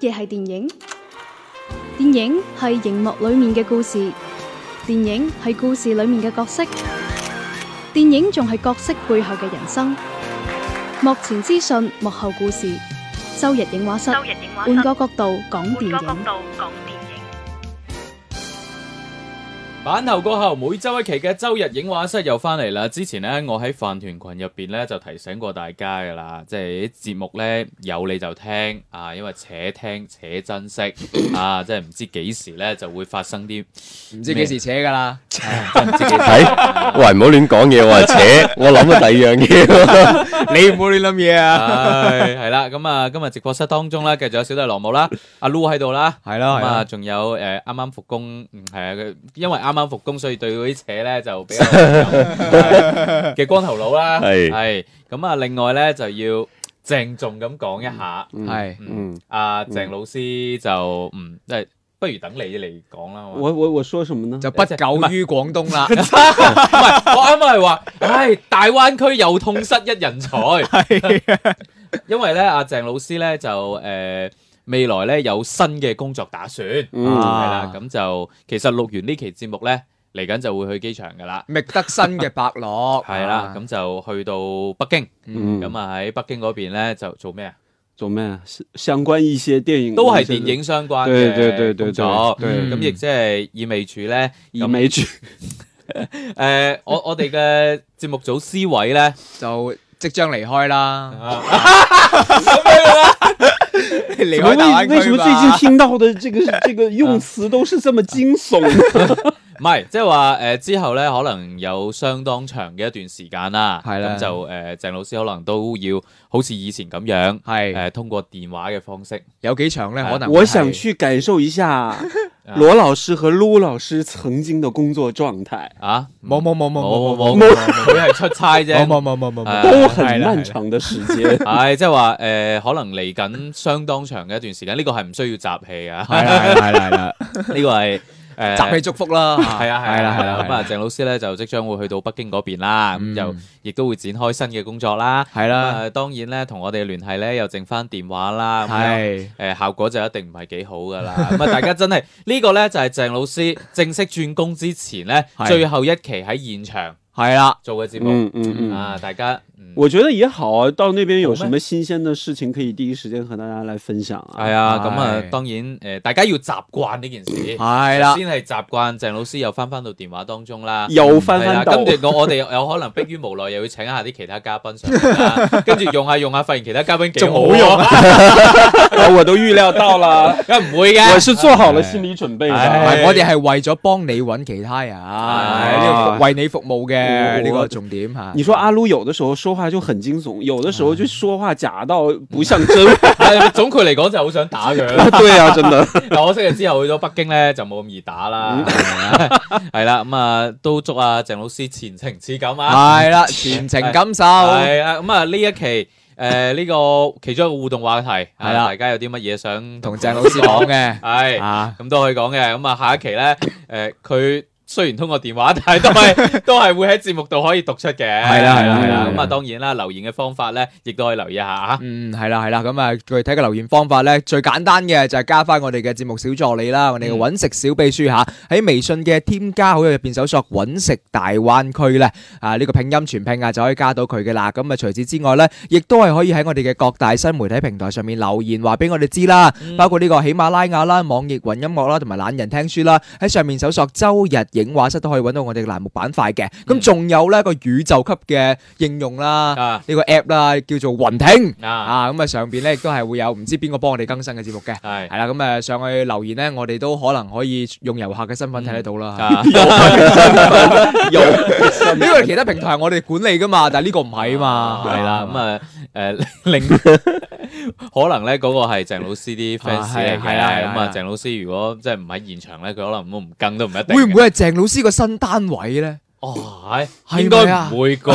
乜嘢係電影？電影係熒幕裏面嘅故事，電影係故事裏面嘅角色，電影仲係角色背後嘅人生。幕前資訊，幕後故事。周日映畫室，換個角度講電影。版頭過後，每週一期嘅周日影畫室又翻嚟啦！之前咧，我喺飯團群入邊咧就提醒過大家㗎啦，即係啲節目咧有你就聽啊，因為且聽且珍惜啊，即係唔知幾時咧就會發生啲唔知幾時扯㗎啦。真自己睇，喂， 唔好亂講嘢，我話扯。我諗嘅第二樣嘢，你唔好亂諗嘢啊。係，係啦，咁啊，今日直播室當中咧，繼續有小弟羅姆啦，阿 Lu 喺度啦，係啦的，咁啊、嗯，仲有誒，啱啱復工，係、嗯、啊，因為啱啱復工，所以對嗰啲扯咧就比較嘅光頭佬啦。係，係，咁啊，另外咧就要鄭重咁講一下，係、嗯，嗯，阿鄭、嗯嗯嗯呃、老師就，嗯，即、就、係、是。不如等你嚟講啦！我我我說什麼呢？就不久於廣東啦！唔 係，我啱啱係話，唉，大灣區又痛失一人才。 因為咧，阿鄭老師咧就誒、呃、未來咧有新嘅工作打算。嗯，係啦，咁就其實錄完呢期節目咧，嚟緊就會去機場㗎啦。覓得新嘅伯樂。係啦，咁就去到北京。咁啊喺北京嗰邊咧就做咩啊？做咩啊？相關一些電影都係電影相關嘅工作，咁亦，嗯嗯、即係意味住咧，意味住誒，我我哋嘅節目組 C 位咧就即將離開啦。為為為什麼最近聽到嘅這個、這個用詞都是這麼驚悚？ 唔係，即係話誒，之後咧可能有相當長嘅一段時間啦。係啦，咁就誒，鄭老師可能都要好似以前咁樣，係誒，通過電話嘅方式。有幾長咧？可能我想去感受一下羅老師和盧老師曾經嘅工作狀態啊！冇冇冇冇冇冇冇，佢係出差啫。冇冇冇冇，都很漫長的時間。係即係話誒，可能嚟緊相當長嘅一段時間。呢個係唔需要集氣啊！係啦係啦係啦，呢個係。誒集氣祝福啦，係啊係啦係啦，咁啊鄭老師咧就即將會去到北京嗰邊啦，咁又亦都會展開新嘅工作啦，係啦，當然咧同我哋聯繫咧又剩翻電話啦，係誒，效果就一定唔係幾好噶啦，咁啊大家真係呢個咧就係鄭老師正式轉工之前咧最後一期喺現場係啦做嘅節目，啊大家。我覺得也好啊，到那邊有什麼新鮮的事情可以第一時間和大家來分享啊。係啊，咁啊，當然誒，大家要習慣呢件事。係啦，先係習慣鄭老師又翻翻到電話當中啦，又翻啦。跟住我哋有可能迫於無奈，又要請下啲其他嘉賓上啦。跟住用下用下，發現其他嘉賓幾好用，我都預料到啦。梗唔會嘅，我是做好了心理準備嘅。我哋係為咗幫你揾其他啊，為你服務嘅呢個重點吓。你說阿 l u 有的時候說。話就很驚悚，有的時候就說話假到不像真。啊、 總括嚟講就好想打佢。 對啊，真的。嗱， 我識咗之後去咗北京咧，就冇咁易打啦。係啦、嗯，咁啊、 嗯、都祝阿鄭老師前程似錦啊！係啦， 前程感受。係啊，咁啊呢一期誒呢、呃這個其中一個互動話題係啦，大家 有啲乜嘢想同鄭 老師講嘅？係啊， 咁都可以講嘅。咁啊下一期咧誒佢。呃呃雖然通過電話，但係都係都係會喺節目度可以讀出嘅。係啦係啦，咁啊當然啦，留言嘅方法咧，亦都可以留意下吓。嗯，係啦係啦，咁啊具體嘅留言方法咧，最簡單嘅就係加翻我哋嘅節目小助理啦，我哋嘅揾食小秘書吓，喺微信嘅添加好友入邊搜索揾食大灣區咧，啊呢個拼音全拼啊就可以加到佢嘅啦。咁啊除此之外咧，亦都係可以喺我哋嘅各大新媒體平台上面留言，話俾我哋知啦，包括呢個喜馬拉雅啦、網易雲音樂啦、同埋懶人聽書啦，喺上面搜索周日。影畫室都可以揾到我哋欄目板塊嘅，咁仲有咧個宇宙級嘅應用啦，呢個 app 啦叫做雲聽啊，咁啊上邊咧亦都係會有唔知邊個幫我哋更新嘅節目嘅，係啦，咁啊上去留言咧，我哋都可能可以用遊客嘅身份睇得到啦，遊客嘅身份，用，呢個其他平台係我哋管理噶嘛，但係呢個唔係啊嘛，係啦，咁啊誒，另可能咧嗰個係鄭老師啲 fans 嚟嘅，係啦，咁啊鄭老師如果即係唔喺現場咧，佢可能唔更都唔一定，會唔會係鄭？鄭老師個新單位咧？哦！應該唔會啩？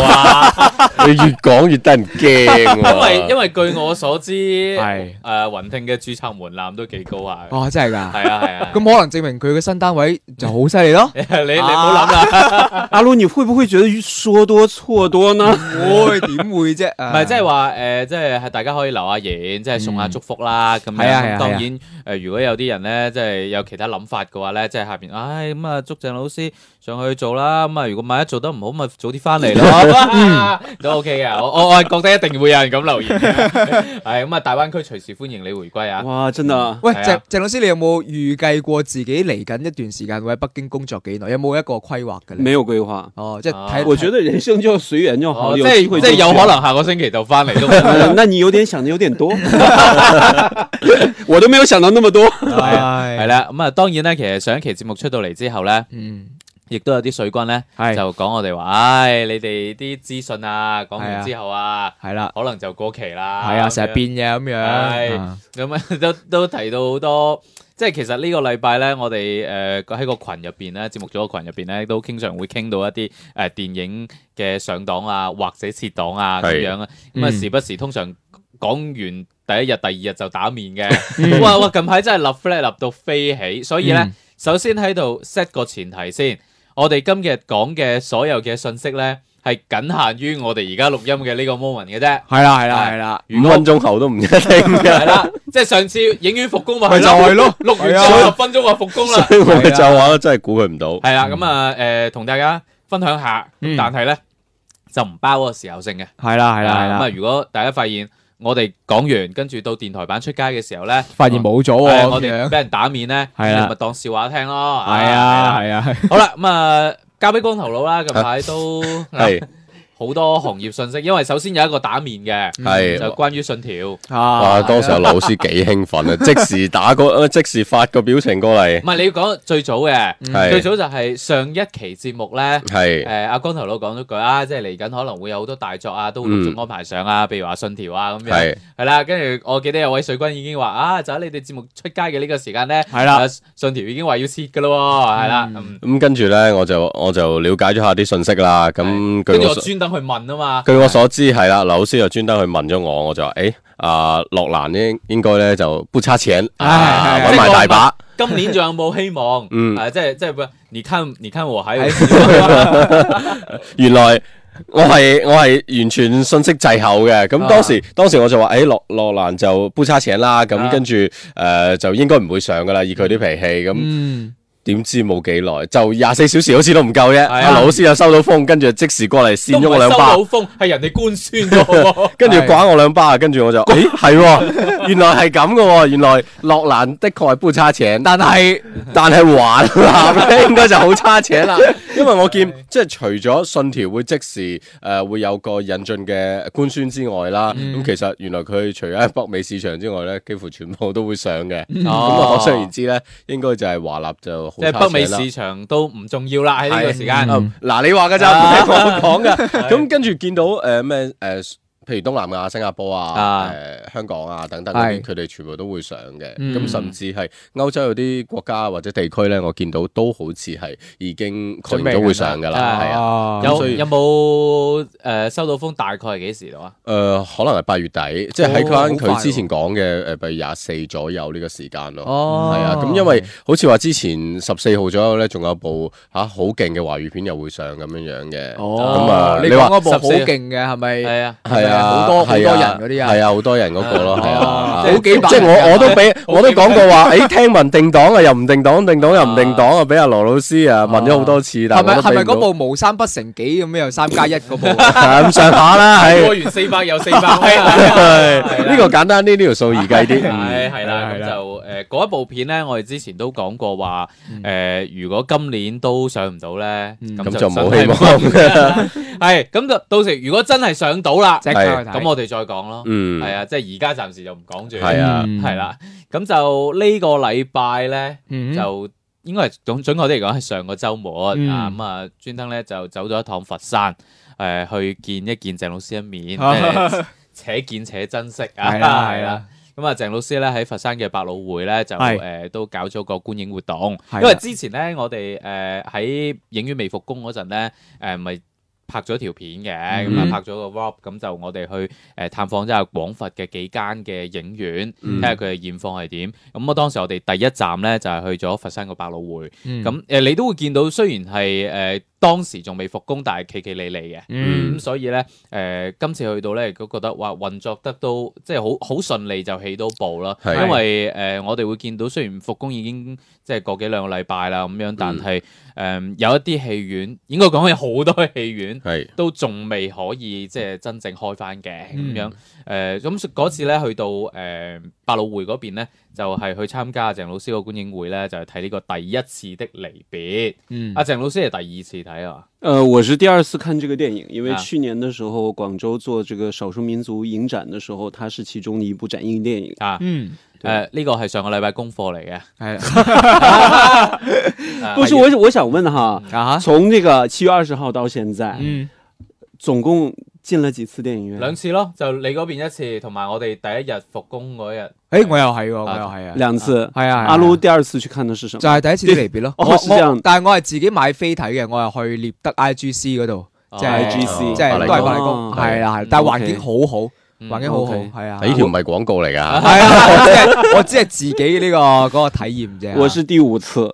你越講越得人驚喎。因為因為據我所知，係誒雲聽嘅註冊門檻都幾高呀。哇！真係㗎。係啊係啊。咁可能證明佢嘅新單位就好犀利咯。你你唔好諗啦。阿 Loonie 會唔會覺得說多錯多呢？唔會點會啫。唔係即係話誒，即係係大家可以留下言，即係送下祝福啦。咁係啊係啊。當然誒，如果有啲人咧，即係有其他諗法嘅話咧，即係下邊，唉咁啊，祝鄭老師上去做啦。咁啊，如果萬一做得唔好，咪早啲翻嚟咯，都 OK 嘅。我我我係覺得一定會有人咁留言。係咁啊，大灣區隨時歡迎你回歸啊！哇，真啊。喂，鄭鄭老師，你有冇預計過自己嚟緊一段時間，會喺北京工作幾耐？有冇一個規劃嘅咧？沒有規劃。哦，即係我覺得人生就隨緣就好。即係即係有可能下個星期就翻嚟都唔緊要。那你有點想得有點多，我都沒有想到那麼多。係係啦，咁啊，當然咧，其實上一期節目出到嚟之後咧，嗯。亦都有啲水軍咧，就講我哋話，唉，你哋啲資訊啊，講完之後啊，係啦，可能就過期啦，係啊，成日變嘅咁樣，咁樣都都提到好多，即係其實呢個禮拜咧，我哋誒喺個群入邊咧，節目組個群入邊咧，都經常會傾到一啲誒電影嘅上檔啊，或者撤檔啊咁樣啊，咁啊時不時通常講完第一日、第二日就打面嘅。哇，哇近排真係立 flat 立到飛起，所以咧，首先喺度 set 個前提先。我哋今日講嘅所有嘅信息咧，係僅限於我哋而家錄音嘅呢個 moment 嘅啫。係啦係啦係啦，五分鐘後都唔一定嘅。係啦，即係上次影院復工咪就係咯，錄完六分鐘話復工啦。所以我就話咯，真係估佢唔到。係啦，咁啊誒，同大家分享下，但係咧就唔包個時效性嘅。係啦係啦，咁啊，如果大家發現。我哋講完，跟住到電台版出街嘅時候咧，發現冇咗喎，我哋俾人打面咧，係啊，你咪當笑話聽咯。係啊，啊，係啊，好啦，咁啊，交俾光頭佬啦，近排都係。好多行業信息，因為首先有一個打面嘅，係就關於信條啊，當時老師幾興奮啊，即時打個，即時發個表情過嚟。唔係你要講最早嘅，最早就係上一期節目咧，係誒阿光頭佬講咗句啊，即係嚟緊可能會有好多大作啊，都會陸續安排上啊，譬如話信條啊咁樣，係係啦。跟住我記得有位水軍已經話啊，就喺你哋節目出街嘅呢個時間咧，係啦，信條已經話要撤㗎咯，係啦。咁跟住咧，我就我就瞭解咗下啲信息啦。咁跟住我專登，去問啊嘛！據我所知係啦，劉老師又專登去問咗我，我就話：，誒、欸，阿、呃、諾蘭應該應該咧就不差錢，搵埋大把。今年仲有冇希望？嗯、 啊，即係即係唔係？你看你看我喺原來我係我係完全信息滯後嘅。咁當時、啊、當時我就話：，誒、欸，諾諾蘭就不差錢啦。咁跟住誒、啊呃，就應該唔會上㗎啦，以佢啲脾氣咁。點知冇幾耐就廿四小時好似都唔夠啫，阿的老師又收到風，跟住即時過嚟扇咗我兩巴。都唔係收到風，係人哋官宣咯，哦。 跟住掛我兩巴啊，跟住我就，誒的，係，原來係咁噶，原來諾蘭的確係不差錢，但係 但係華納咧應該就好差錢啦， 因為我見的即係除咗信條會即時誒、呃、會有個引進嘅官宣之外啦，咁、嗯嗯、其實原來佢除咗喺北美市場之外咧，幾乎全部都會上嘅。咁、嗯哦、我雖然知咧，應該就係華納就。即係北美市場都唔重要啦，喺呢個時間。嗱、嗯嗯啊，你話㗎咋？我唔講㗎。咁跟住見到誒咩、呃譬如東南亞新加坡啊、誒香港啊等等，佢哋全部都會上嘅，咁甚至係歐洲有啲國家或者地區咧，我見到都好似係已經確認咗會上噶啦，係啊。有冇誒收到風大概係幾時度啊？誒，可能係八月底，即係喺翻佢之前講嘅，誒，譬如廿四左右呢個時間咯。哦，係啊，咁因為好似話之前十四號左右咧，仲有部吓好勁嘅華語片又會上咁樣樣嘅。哦，咁啊，你話嗰部好勁嘅係咪？係啊，係啊。好多好多人嗰啲啊，係啊，好多人嗰個咯，係啊，好幾百。即係我我都俾我都講過話，誒，聽聞定檔啊，又唔定檔，定檔又唔定檔啊，俾阿羅老師啊問咗好多次，但係咪係咪嗰部無三不成幾咁樣有三加一嗰部。係咁上下啦，係。過完四百又四百，係呢個簡單啲，呢條數易計啲。係係啦，就誒。嗰一部片咧，我哋之前都講過話，誒、呃，如果今年都上唔到咧，咁就冇希望。係咁就到時，如果真係上到啦，咁我哋再講咯，嗯、啊啊。嗯，係啊，即係而家暫時就唔講住。係啊，係啦。咁就呢個禮拜咧，就應該總準確啲嚟講，係上個週末啊，咁啊、嗯嗯嗯、專登咧就走咗一趟佛山，誒，去見一見鄭老師一面，且見且珍惜啊，係啦、啊。咁啊，鄭老師咧喺佛山嘅百老匯咧就誒是、呃、都搞咗個觀影活動，的因為之前咧我哋誒喺影院未復工嗰陣咧誒咪拍咗條片嘅，咁啊、嗯嗯、拍咗個 Vlog，咁就我哋去誒、呃、探訪一下廣佛嘅幾間嘅影院，睇下佢嘅現況係點。咁、嗯、啊、嗯、當時我哋第一站咧就係去咗佛山個百老匯，咁誒、嗯嗯、你都會見到雖然係誒。呃當時仲未復工，但係奇奇離離嘅，咁所以呢，誒今次去到呢，亦都覺得話運作得都即係好好順利就起到步啦。因為誒我哋會見到，雖然復工已經即係過幾兩個禮拜啦咁樣，但係誒有一啲戲院，應該講係好多戲院都仲未可以即係真正開翻嘅咁樣。誒咁嗰次呢，去到誒百老匯嗰邊呢。就係去參加鄭老師個觀影會咧，就係睇呢個第一次的離別。嗯，阿鄭、啊、老師係第二次睇啊。誒、呃，我是第二次看這個電影，因為去年嘅時候廣州做這個少數民族影展嘅時候，它是其中一部展映電影啊。嗯，誒對，呢、呃這個係上個禮拜功課嚟嘅。不是我，我想問哈，從這個七月二十號到現在，嗯，總共、嗯。進了幾次電影院？兩次咯，就你嗰邊一次，同埋我哋第一日復工嗰日，誒，我又係喎，我又係啊，兩次，係啊，阿 Lu 第二次去看嘅時候，就係第一次的離別咯。但係我係自己買飛睇嘅，我又去獵德 IGC 嗰度，即係 IGC，即係都係柏麗宮，係啦係，但係環境好好，環境好好，係啊。呢條唔係廣告嚟噶，係啊，我只係自己呢個嗰個體驗啫。我是第五次。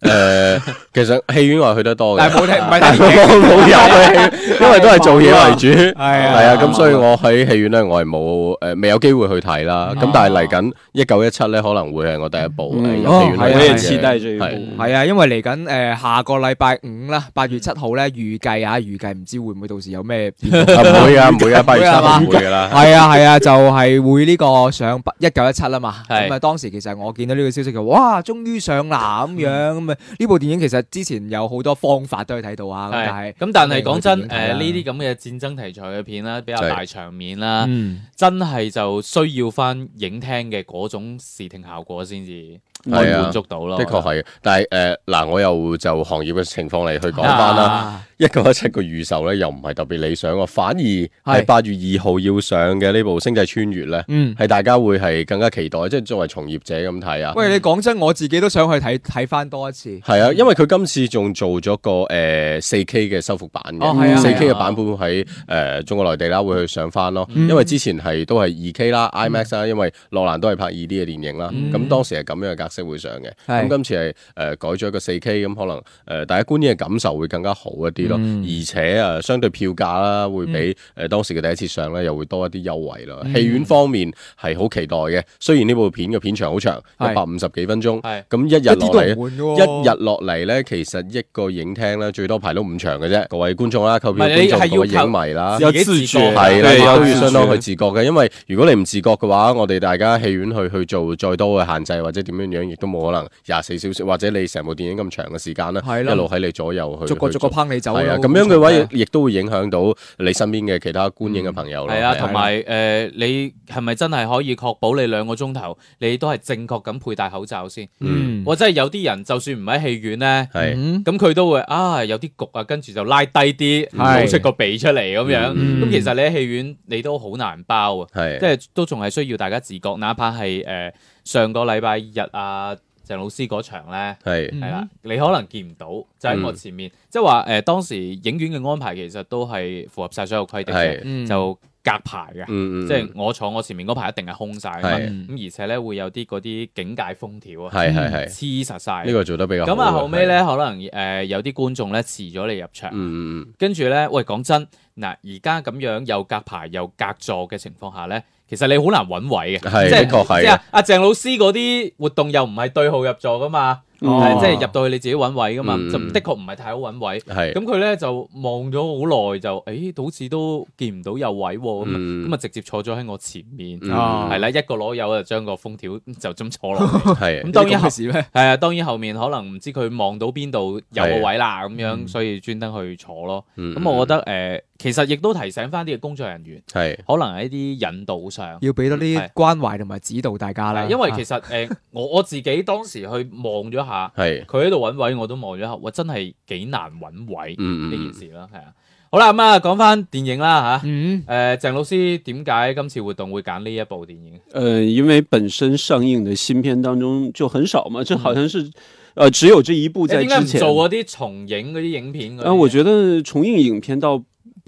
誒，其實戲院我係去得多嘅，但係冇睇，唔係去戲院，因為都係做嘢為主，係啊，咁所以我喺戲院咧我係冇誒未有機會去睇啦。咁但係嚟緊一九一七咧，可能會係我第一部喺戲院係啊，因為嚟緊誒下個禮拜五啦，八月七號咧，預計啊，預計唔知會唔會到時有咩唔會啊，唔會啊，八月七唔會噶啦，係啊係啊，就係會呢個上一九一七啦嘛。咁啊當時其實我見到呢個消息就哇，終於上啦咁樣。呢部電影其實之前有好多方法都可以睇到啊，但係咁，但係講真，誒呢啲咁嘅戰爭題材嘅片啦，比較大場面啦，真係就需要翻影廳嘅嗰種視聽效果先至可以滿足到咯。的確係，但係誒嗱，我又就行業嘅情況嚟去講翻啦，一九一七個預售咧又唔係特別理想啊，反而係八月二號要上嘅呢部《星際穿越》咧，係大家會係更加期待，即係作為從業者咁睇啊。喂，你講真，我自己都想去睇睇翻多一。係啊，因為佢今次仲做咗個誒 4K 嘅修復版嘅，4K 嘅版本喺誒中國內地啦會去上翻咯。因為之前係都係 2K 啦、IMAX 啦，因為洛蘭都係拍 2D 嘅電影啦。咁當時係咁樣嘅格式會上嘅。咁今次係誒改咗一個 4K，咁可能誒大家觀影嘅感受會更加好一啲咯。而且啊，相對票價啦會比誒當時嘅第一次上咧又會多一啲優惠咯。戲院方面係好期待嘅，雖然呢部片嘅片長好長，一百五十幾分鐘，咁一日嚟一。日落嚟呢，其實一個影廳呢，最多排到五場嘅啫。各位觀眾啦，購票觀眾同埋影迷啦，自己自覺係啦，都要相當去自覺嘅。因為如果你唔自覺嘅話，我哋大家戲院去去做再多嘅限制或者點樣樣，亦都冇可能廿四小時或者你成部電影咁長嘅時間呢，一路喺你左右去。逐個逐個抨你走，係啊，咁樣嘅話亦都會影響到你身邊嘅其他觀影嘅朋友。係啊，同埋誒，你係咪真係可以確保你兩個鐘頭你都係正確咁佩戴口罩先？嗯，或者係有啲人就算。唔喺戲院呢，咁佢都會啊有啲焗啊，跟住就拉低啲，露出個鼻出嚟咁樣。咁其實你喺戲院，你都好難包啊，即係都仲係需要大家自覺。哪怕係誒上個禮拜日啊，鄭老師嗰場呢，係啦，你可能見唔到，就喺我前面，即係話誒當時影院嘅安排其實都係符合晒所有規定就。隔排嘅，即係我坐我前面嗰排一定係空晒，咁而且咧會有啲嗰啲警戒封條啊，係係係黐實晒。呢個做得比較好咁啊，後尾咧可能誒有啲觀眾咧遲咗你入場，跟住咧喂，講真嗱，而家咁樣又隔排又隔座嘅情況下咧，其實你好難揾位嘅，即的確係啊。阿鄭老師嗰啲活動又唔係對號入座噶嘛。哦、即係入到去你自己揾位噶嘛，嗯、就的確唔係太好揾位。咁佢是呢就望咗好耐，就誒好似都見唔到有位喎、啊。咁咁啊直接坐咗喺我前面，係啦、哦、一個攞友就將個封條就咁坐落。係咁 的當然後事啊，當然後面可能唔知佢望到邊度有個位啦咁的樣，所以專登去坐咯。咁、嗯嗯、我覺得誒。呃其實亦都提醒翻啲嘅工作人員，係可能喺啲引導上，要俾多啲關懷同埋指導大家咧。因為其實誒，我我自己當時去望咗下，係佢喺度揾位，我都望咗下，我真係幾難揾位呢件事啦。係啊，好啦，咁啊，講翻電影啦吓。誒，鄭老師點解今次活動會揀呢一部電影？誒，因為本身上映嘅新片當中就很少嘛，就好像是誒只有這一部。在之前做嗰啲重映嗰啲影片，誒，我覺得重映影片到。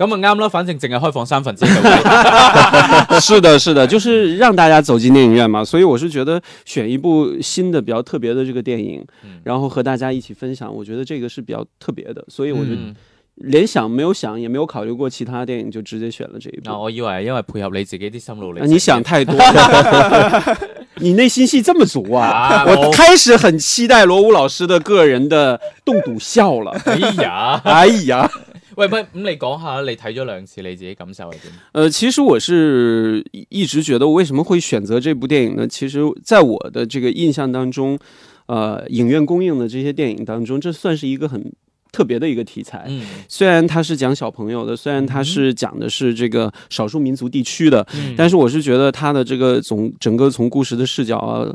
咁咪啱啦，反正淨係開放三分之一 是的，是的，就是讓大家走進電影院嘛。所以我是覺得選一部新的比較特別的這個電影，然後和大家一起分享，我覺得這個是比較特別的。所以我就連想沒有想，也沒有考慮過其他電影，就直接選了這一部。那、啊、我以為因為配合你自己啲心路歷，那、啊、你想太多了， 你內心戲這麼足啊！啊 我開始很期待羅吳老師的個人的棟篤笑了。哎呀， 哎呀。喂喂，咁你講下你睇咗兩次你自己感受係點樣？誒、呃，其實我是一直覺得我為什麼會選擇這部電影呢？其實在我的這個印象當中，呃，影院公映的這些電影當中，這算是一個很特別的一個題材。嗯，雖然它是講小朋友的，雖然它是講的是這個少數民族地區的，嗯、但是我是覺得它的這個總整個從故事的視角啊。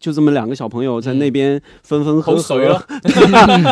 就這麼兩個小朋友在那邊分分合合，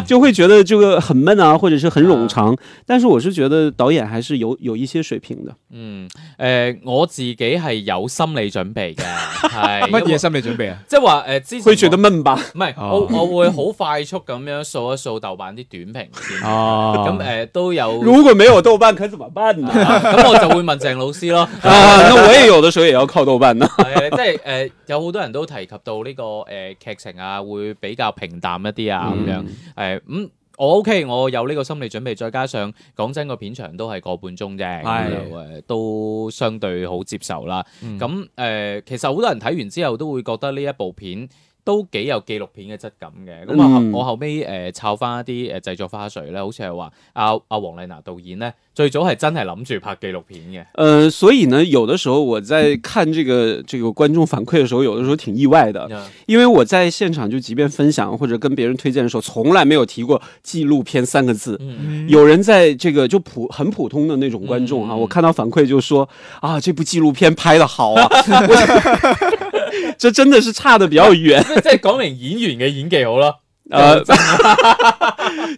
就會覺得這個很悶啊，或者是很冗長。但是我是覺得導演還是有有一些水平的。嗯，誒，我自己係有心理準備嘅，係乜嘢心理準備啊？即係話誒，之前會覺得悶吧，唔係，我我會好快速咁樣掃一掃豆瓣啲短評先哦，咁誒都有。如果沒有豆瓣，可怎麼辦呢？咁我就會問鄭老師咯。那我也有的時候也要靠豆瓣呢。即係誒，有好多人都提及到呢。呢、這個誒、呃、劇情啊，會比較平淡一啲啊，咁、嗯、樣誒咁、嗯、我 OK，我有呢個心理準備，再加上講真個片長都係個半鐘啫，咁就是、呃、都相對好接受啦。咁誒、嗯呃、其實好多人睇完之後都會覺得呢一部片。都幾有紀錄片嘅質感嘅，咁我、嗯、我後尾誒抄返一啲誒製作花絮咧，好似係話阿阿王麗娜導演咧，最早係真係諗住拍紀錄片嘅。嗯、呃，所以呢，有的時候我在看這個這個觀眾反饋嘅時候，有的時候挺意外的，因為我在現場就即便分享或者跟別人推薦嘅時候，從來沒有提過紀錄片三個字。嗯、有人在這個就普很普通的那種觀眾啊，嗯嗯、我看到反饋就說：啊，這部紀錄片拍得好啊！ 這真的是差得比較遠，即係講明演員嘅演技好咯，誒。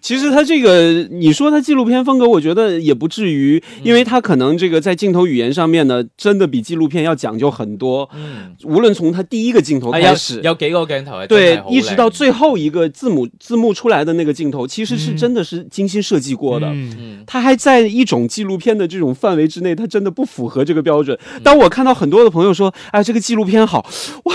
其實他這個，你說他紀錄片風格，我覺得也不至於，因為他可能這個在鏡頭語言上面呢，真的比紀錄片要講究很多。嗯、無論從他第一個鏡頭開始，啊、有，有幾個鏡頭對，一直到最後一個字母字幕出來的那個鏡頭，其實是真的是精心設計過的。嗯嗯，嗯他還在一種紀錄片的這種範圍之內，他真的不符合這個標準。當我看到很多的朋友說，啊、哎，這個紀錄片好，唔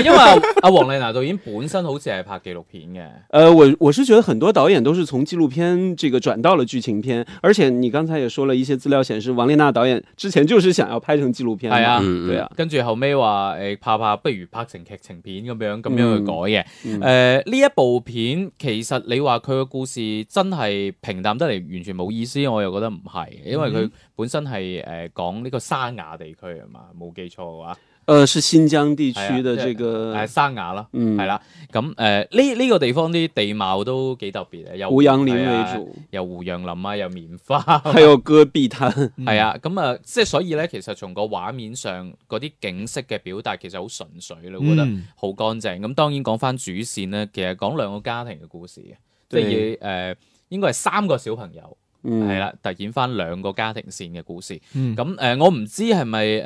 因為阿、啊、王 麗娜導演本身好似係拍紀錄片嘅，呃，我我是覺得很多導演。演都是從紀錄片這個轉到了劇情片，而且你剛才也說了一些資料顯示，王麗娜導演之前就是想要拍成紀錄片，係啊，對啊，跟住後尾話誒，怕怕不如拍成劇情片咁樣，咁樣去改嘅。誒、嗯，呢、嗯呃、一部片其實你話佢個故事真係平淡得嚟，完全冇意思，我又覺得唔係，因為佢本身係誒、嗯呃、講呢個沙雅地區啊嘛，冇記錯嘅話。誒、呃，是新疆地區的這個沙雅咯，係啦、呃，咁誒呢呢個地方啲地貌都幾特別嘅，有胡楊陽林、哎、林啊，有棉花、啊，係個戈壁灘，係、嗯、啊，咁、嗯、啊，即係所以咧，其實從個畫面上嗰啲景色嘅表達、嗯嗯，其實好純粹咯，我覺得好乾淨。咁當然講翻主線咧，其實講兩個家庭嘅故事，即係誒，應該係三個小朋友。係啦、嗯，突顯翻兩個家庭線嘅故事。咁誒、嗯呃，我唔知係咪誒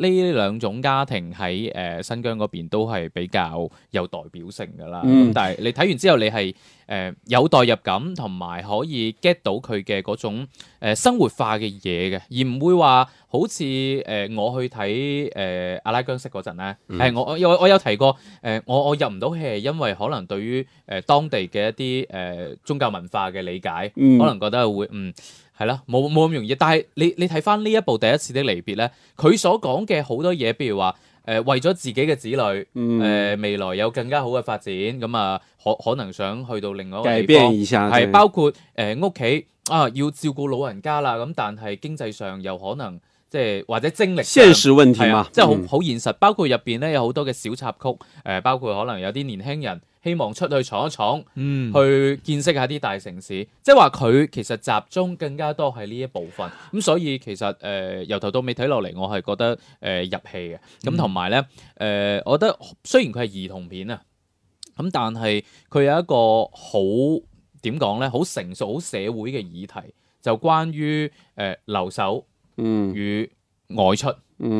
呢兩種家庭喺誒、呃、新疆嗰邊都係比較有代表性噶啦。咁、嗯、但係你睇完之後你，你係。誒、呃、有代入感同埋可以 get 到佢嘅嗰種、呃、生活化嘅嘢嘅，而唔會話好似誒、呃、我去睇誒、呃、阿拉姜色嗰陣咧，係、呃、我我有我有提過誒、呃，我我入唔到去係因為可能對於誒、呃、當地嘅一啲誒、呃、宗教文化嘅理解，嗯、可能覺得會嗯係啦，冇冇咁容易。但係你你睇翻呢一部《第一次的離別呢》咧，佢所講嘅好多嘢，譬如話。誒、呃、為咗自己嘅子女，誒、呃、未來有更加好嘅發展，咁啊，可可能想去到另外一個地方，係、包括誒屋企啊，要照顧老人家啦，咁但係經濟上又可能。即係或者精力，現實問題嘛，即係好好現實，包括入邊咧有好多嘅小插曲，誒、呃、包括可能有啲年輕人希望出去闖一闖，嗯，去見識下啲大城市，即係話佢其實集中更加多係呢一部分，咁所以其實誒、呃、由頭到尾睇落嚟，我係覺得誒、呃、入戲嘅，咁同埋咧誒，我覺得雖然佢係兒童片啊，咁但係佢有一個好，點講咧，好成熟、好社會嘅議題，就關於誒、呃、留守。嗯，與外出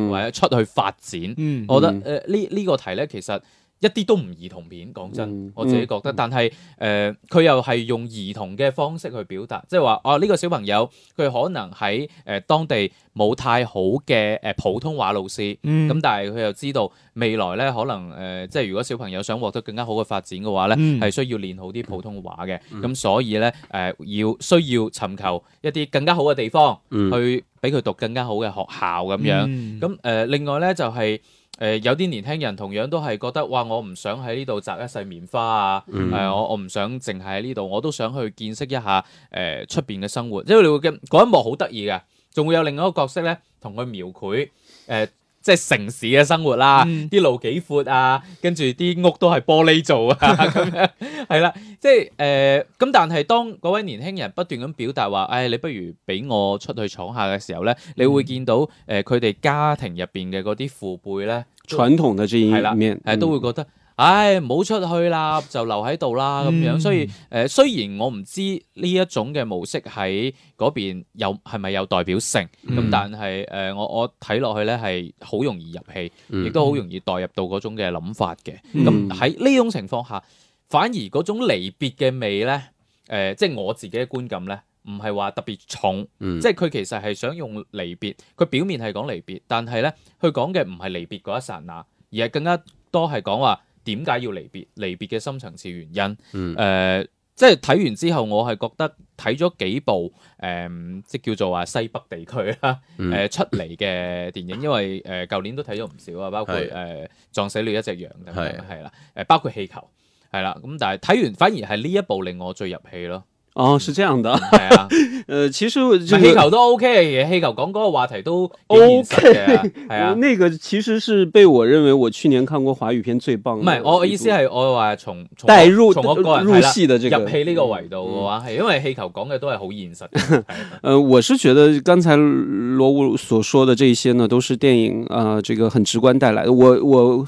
或者出去發展，我覺得誒，呢呢個題呢，其實一啲都唔兒童片，講真，我自己覺得。但係誒，佢又係用兒童嘅方式去表達，即係話哦，呢個小朋友佢可能喺誒當地冇太好嘅誒普通話老師，咁但係佢又知道未來呢，可能誒，即係如果小朋友想獲得更加好嘅發展嘅話呢，係需要練好啲普通話嘅，咁所以呢，誒要需要尋求一啲更加好嘅地方去。俾佢讀更加好嘅學校咁、嗯、樣，咁、呃、誒另外咧就係、是、誒、呃、有啲年輕人同樣都係覺得，哇！我唔想喺呢度摘一世棉花啊，誒、嗯呃、我我唔想淨係喺呢度，我都想去見識一下誒出邊嘅生活，因為你會嗰一幕好得意嘅，仲會有另外一個角色咧同佢描繪誒。呃即係城市嘅生活啦、啊，啲路幾闊啊，跟住啲屋都係玻璃做啊，咁樣係啦， 即係誒咁。但係當嗰位年輕人不斷咁表達話，誒、哎、你不如俾我出去闖下嘅時候咧，嗯、你會見到誒佢哋家庭入邊嘅嗰啲父輩咧，傳統嘅呢一面，誒都、嗯、都會覺得。唉，唔好出去啦，就留喺度啦咁、嗯、樣。所以，誒、呃，雖然我唔知呢一種嘅模式喺嗰邊有係咪有代表性，咁、嗯、但係誒、呃，我我睇落去咧係好容易入戲，亦、嗯、都好容易代入到嗰種嘅諗法嘅。咁喺呢種情況下，反而嗰種離別嘅味咧，誒、呃，即係我自己嘅觀感咧，唔係話特別重，嗯、即係佢其實係想用離別，佢表面係講離別，但係咧，佢講嘅唔係離別嗰一剎那，而係更加多係講話。點解要離別？離別嘅深層次原因，誒、嗯呃，即係睇完之後，我係覺得睇咗幾部誒、呃，即叫做話西北地區啦，誒、呃、出嚟嘅電影，因為誒舊、呃、年都睇咗唔少啊，包括誒、呃、撞死了一隻羊，等等，係啦是，誒包括氣球，係啦，咁但係睇完反而係呢一部令我最入戲咯。哦，是這樣的，係、嗯、啊，誒、 呃，其實、這個、氣球都 OK 嘅。氣球講嗰個話題都 OK 嘅，係啊， 那個其實是被我認為我去年看過華語片最棒。唔係、嗯，我，我意思係我話從代入從我入戲的、這個、入戲呢個維度嘅話，係、嗯、因為氣球講嘅、嗯、都係好現實。誒 呃，我是覺得剛才羅武所說嘅這些呢，都是電影啊、呃呃，這個很直觀帶來。我我。我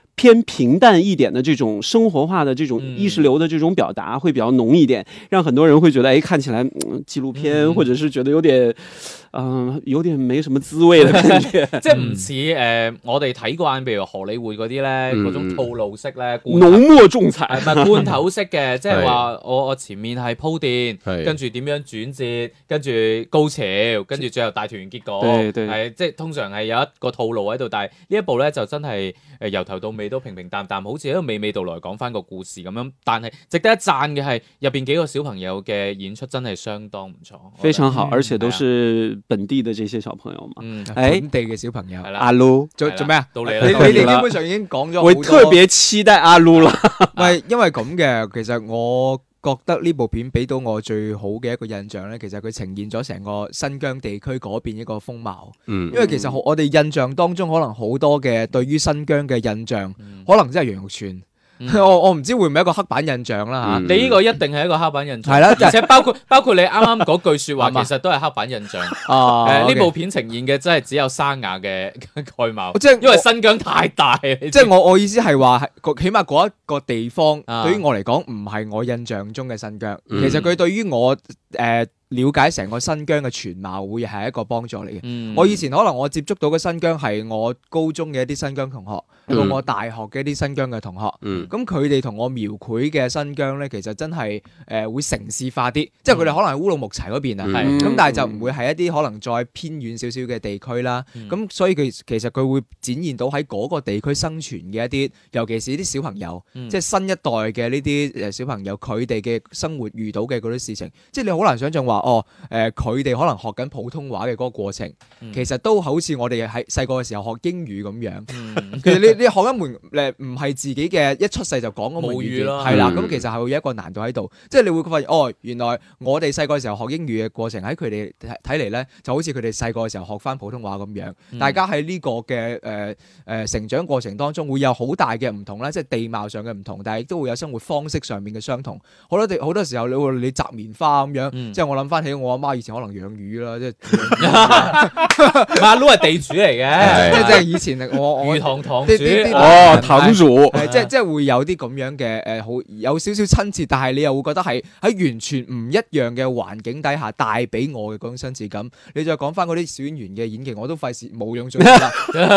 偏平淡一點嘅，這種生活化的這種意識流的這種表達會比較濃一點，讓很多人會覺得，誒，看起來紀錄片，或者是覺得有點，嗯，有點沒什麼滋味。即係唔似誒，我哋睇慣，譬如荷里活啲咧，嗰種套路式咧，濃、嗯、墨重彩、啊，係咪罐頭式嘅？即係話我 我前面係鋪墊，是跟住點樣轉折，跟住高潮，跟住最後大團圓結果，係、嗯、即係通常係有一個套路喺度，但係呢一部咧就真係誒由頭到尾，到尾。都平平淡淡，好似喺度娓娓道來講翻個故事咁樣。但係值得一讚嘅係，入邊幾個小朋友嘅演出真係相當唔錯，非常好。而且都是本地嘅這些小朋友嘛，嗯，本地嘅小朋友。阿 Lu 做做咩啊？到你啦，你你基本上已經講咗。我特別期待阿 Lu 啦，唔係因為咁嘅，其實我。覺得呢部片俾到我最好嘅一個印象咧，其實佢呈現咗成個新疆地區嗰邊一個風貌。嗯，因為其實我哋印象當中可能好多嘅對於新疆嘅印象，嗯，可能真係羊肉串。我我唔知會唔會一個刻板印象啦吓、嗯，你呢個一定係一個刻板印象，係啦、嗯，而且包括 包括你啱啱嗰句說話，其實都係刻板印象 啊！呢、okay、部片呈現嘅真係只有沙雅嘅概貌、啊，即係因為新疆太大，即係我 我，我意思係話係，起碼嗰一個地方、啊、對於我嚟講唔係我印象中嘅新疆，嗯、其實佢對於我。誒，了解成個新疆嘅全貌會係一個幫助嚟嘅。我以前可能我接觸到嘅新疆係我高中嘅一啲新疆同學，同我大學嘅一啲新疆嘅同學。咁佢哋同我描繪嘅新疆呢，其實真係誒會城市化啲，即係佢哋可能係烏魯木齊嗰邊啊。咁但係就唔會係一啲可能再偏遠少少嘅地區啦。咁所以佢其實佢會展現到喺嗰個地區生存嘅一啲，尤其是啲小朋友，即係新一代嘅呢啲誒小朋友，佢哋嘅生活遇到嘅嗰啲事情，即係你好。好難想象話哦，誒、呃，佢哋可能學緊普通話嘅嗰個過程，嗯、其實都好似我哋喺細個嘅時候學英語咁樣。嗯、其實你呢 學一門誒唔係自己嘅一出世就講嗰門語言，係啦。咁其實係會有一個難度喺度，即係你會發現哦，原來我哋細個嘅時候學英語嘅過程，喺佢哋睇嚟咧，就好似佢哋細個嘅時候學翻普通話咁樣。嗯、大家喺呢個嘅誒誒成長過程當中，會有好大嘅唔同啦，即係地貌上嘅唔同，但係亦都會有生活方式上面嘅相同。好多哋好多時候你會你摘棉花咁樣。即係我諗翻起我阿媽以前可能養魚啦，即係阿 Lo 係地主嚟嘅，即係以前我我魚塘堂主，哦堂主，即係即係會有啲咁樣嘅誒，好有少少親切，但係你又會覺得係喺完全唔一樣嘅環境底下帶俾我嘅嗰種親切感。你再講翻嗰啲小演員嘅演技，我都費事冇樣做啦。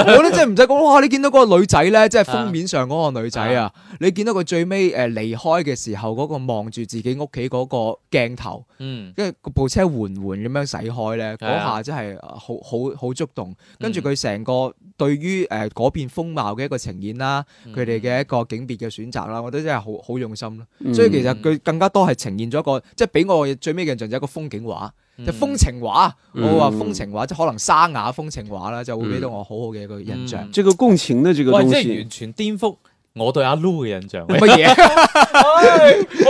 我都真係唔使講，哇！你見到嗰個女仔咧，即係封面上嗰個女仔啊，你見到佢最尾誒離開嘅時候嗰個望住自己屋企嗰個鏡頭。嗯，因為部車緩緩咁樣駛開咧，嗰、嗯、下真係好好好觸動。跟住佢成個對於誒嗰邊風貌嘅一個呈現啦，佢哋嘅一個景別嘅選擇啦，我覺得真係好好用心咯。嗯、所以其實佢更加多係呈現咗一個，即係俾我最尾嘅印象就係一個風景畫，嗯、就風情畫。嗯、我話風情畫即可能沙雅風情畫啦，就會俾到我好好嘅一個印象。即、嗯嗯嗯這個工程的即係、這個呃、完全顛覆。我對阿陸嘅印象乜嘢？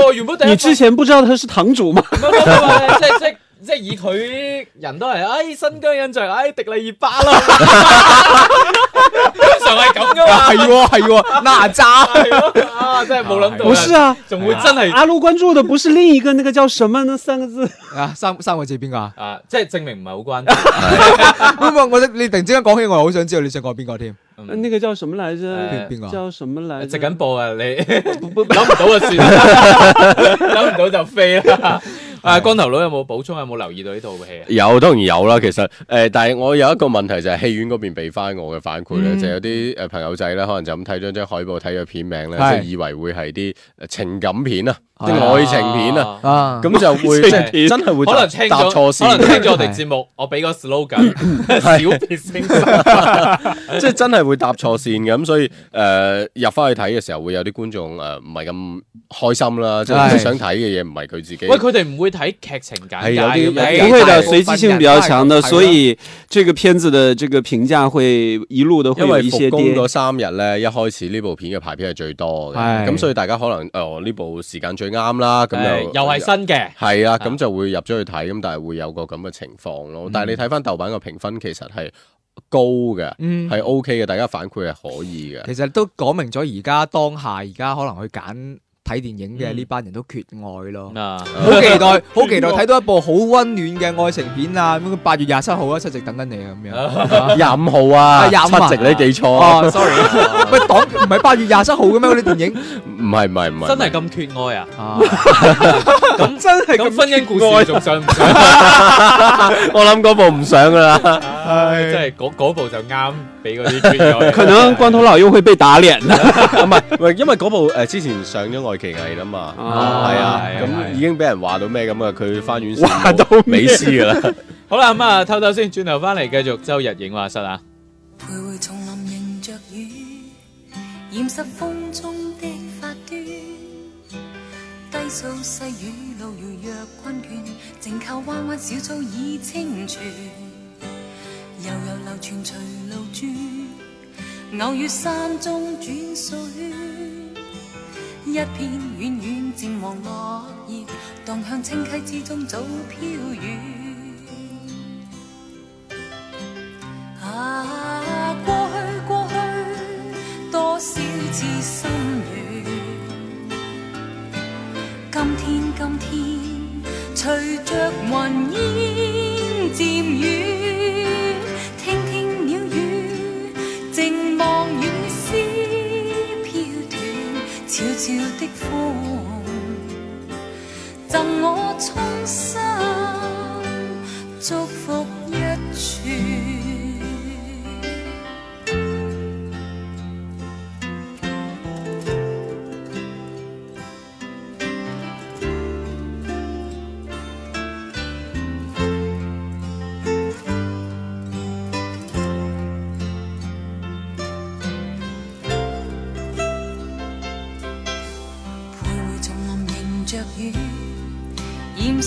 我原本你之前不知道他是堂主嗎？即即即以佢人都係，哎新疆印象，迪麗熱巴咯，通常係咁噶嘛。係係，娜扎。啊，真係冇諗到。不是啊，仲會真係阿陸關注的不是另一個那個叫什麼那三個字啊？三三個字邊個啊？啊，即係證明唔係好關。不過我你突然之間講起，我好想知道你想講邊個添。那、嗯啊、個叫什麼來啫」？邊個？叫什麼來？直緊播啊！你諗唔 到就算啦，諗唔 到就飛啦！ 啊，光頭佬有冇補充？有冇留意到呢套戲啊？有，當然有啦。其實誒、呃，但係我有一個問題就係、是、戲院嗰邊俾翻我嘅反饋咧，嗯、就有啲誒朋友仔咧，可能就咁睇張張海報，睇咗片名咧，即係 以為會係啲誒情感片啊。啲愛情片啊，咁就會真係會可能搭錯線，可能聽咗我哋節目，我俾個 slogan，少別聲色，即係真係會搭錯線嘅。咁所以誒入翻去睇嘅時候會有啲觀眾誒唔係咁開心啦，即係想睇嘅嘢唔係佢自己，喂，佢哋唔會睇劇情解簡介，唔會就「隨機性比較強的，所以這個片子的這個評價會一路的，因為復工咗三日咧，一開始呢部片嘅排片係最多嘅，咁所以大家可能誒呢部時間最。啱啦，咁又又係新嘅？係啊，咁就會入咗去睇，咁但係會有個咁嘅情況咯。嗯，但係你睇翻豆瓣個評分，其實係高嘅，係 OK 嘅，大家反饋係可以嘅。其實都講明咗而家當下，而家可能去揀。睇電影嘅呢班人都缺愛咯，好期待，好期待睇到一部好溫暖嘅愛情片啊！咁八月廿七號啊，七夕等緊你啊，咁樣廿五號啊，廿七夕你記錯啊？sorry，唔係唔係八月廿七號嘅咩？嗰啲電影唔係唔係唔係，真係咁缺愛啊！咁真係咁婚姻故事仲上唔上？我諗嗰部唔上噶啦，即係嗰部就啱俾嗰啲缺愛。可能光頭佬又會被打臉啊？唔係因為嗰部誒之前上咗我。奇藝啦嘛，係啊，啊，咁已經俾人話到咩咁啊？佢翻院，話都未事噶啦。 好啦，咁啊，透透先，轉頭翻嚟繼續周日影畫室啊。徘徊松林一片遠遠漸黃落葉，蕩向清溪之中早飄遠。啊，過去過去多少次心軟，今天今天隨着雲煙。笑的風贈我衷心祝福一串。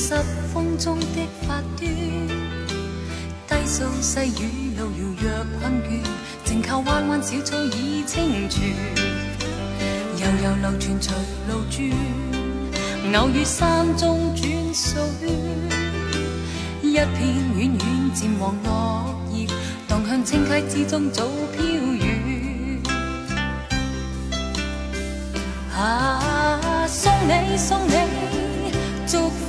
拾風中的發端，低訴細雨路遙若困倦，靜靠彎彎小草倚清泉，悠悠流泉隨路轉，偶遇山中轉水，一片軟軟漸黃落葉，盪向清溪之中早飄遠。啊，送你送你。祝福。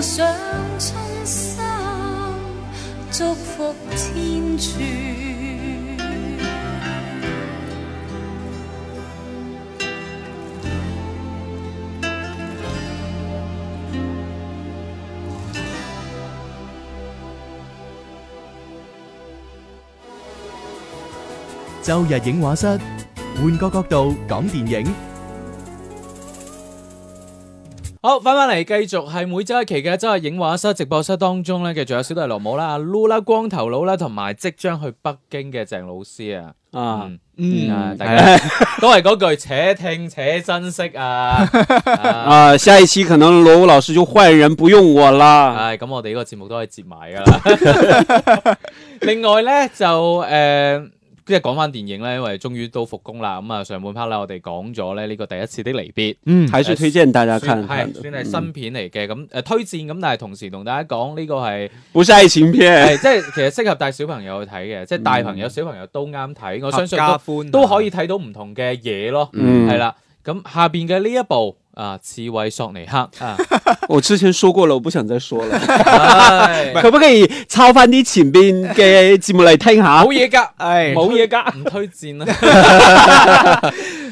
想生祝福天主，周日影畫室，換個角度講電影。好翻翻嚟，繼續係每周一期嘅《周日影畫室直播室》當中咧，其實仲有小弟羅武啦、阿盧啦、光頭佬啦，同埋即將去北京嘅鄭老師啊。啊嗯，嗯，嗯，大家、哎、都係嗰句，哎、且聽且珍惜啊！啊，下一期可能羅武老師就換人，不用我啦。係咁、哎，我哋呢個節目都可以接埋噶啦。 另外咧就誒。呃即係講翻電影咧，因為終於都復工啦。咁、嗯、啊，上半 part 咧，我哋講咗咧呢個第一次的離別，係算、嗯、推薦大家看，看，係、呃、算係新片嚟嘅。咁誒、嗯呃，推薦咁，但係同時同大家講呢個係好嘥錢片，係即係其實適合帶小朋友去睇嘅，嗯、即係大朋友小朋友都啱睇。我相信都都可以睇到唔同嘅嘢咯，係啦、嗯。咁、嗯嗯、下邊嘅呢一部。啊，刺猬索尼克啊， 我之前說過了，我不想再說了， 可不可以抄翻啲前邊嘅節目嚟聽下？冇嘢噶，唉、哎，冇嘢噶，唔 推薦啦。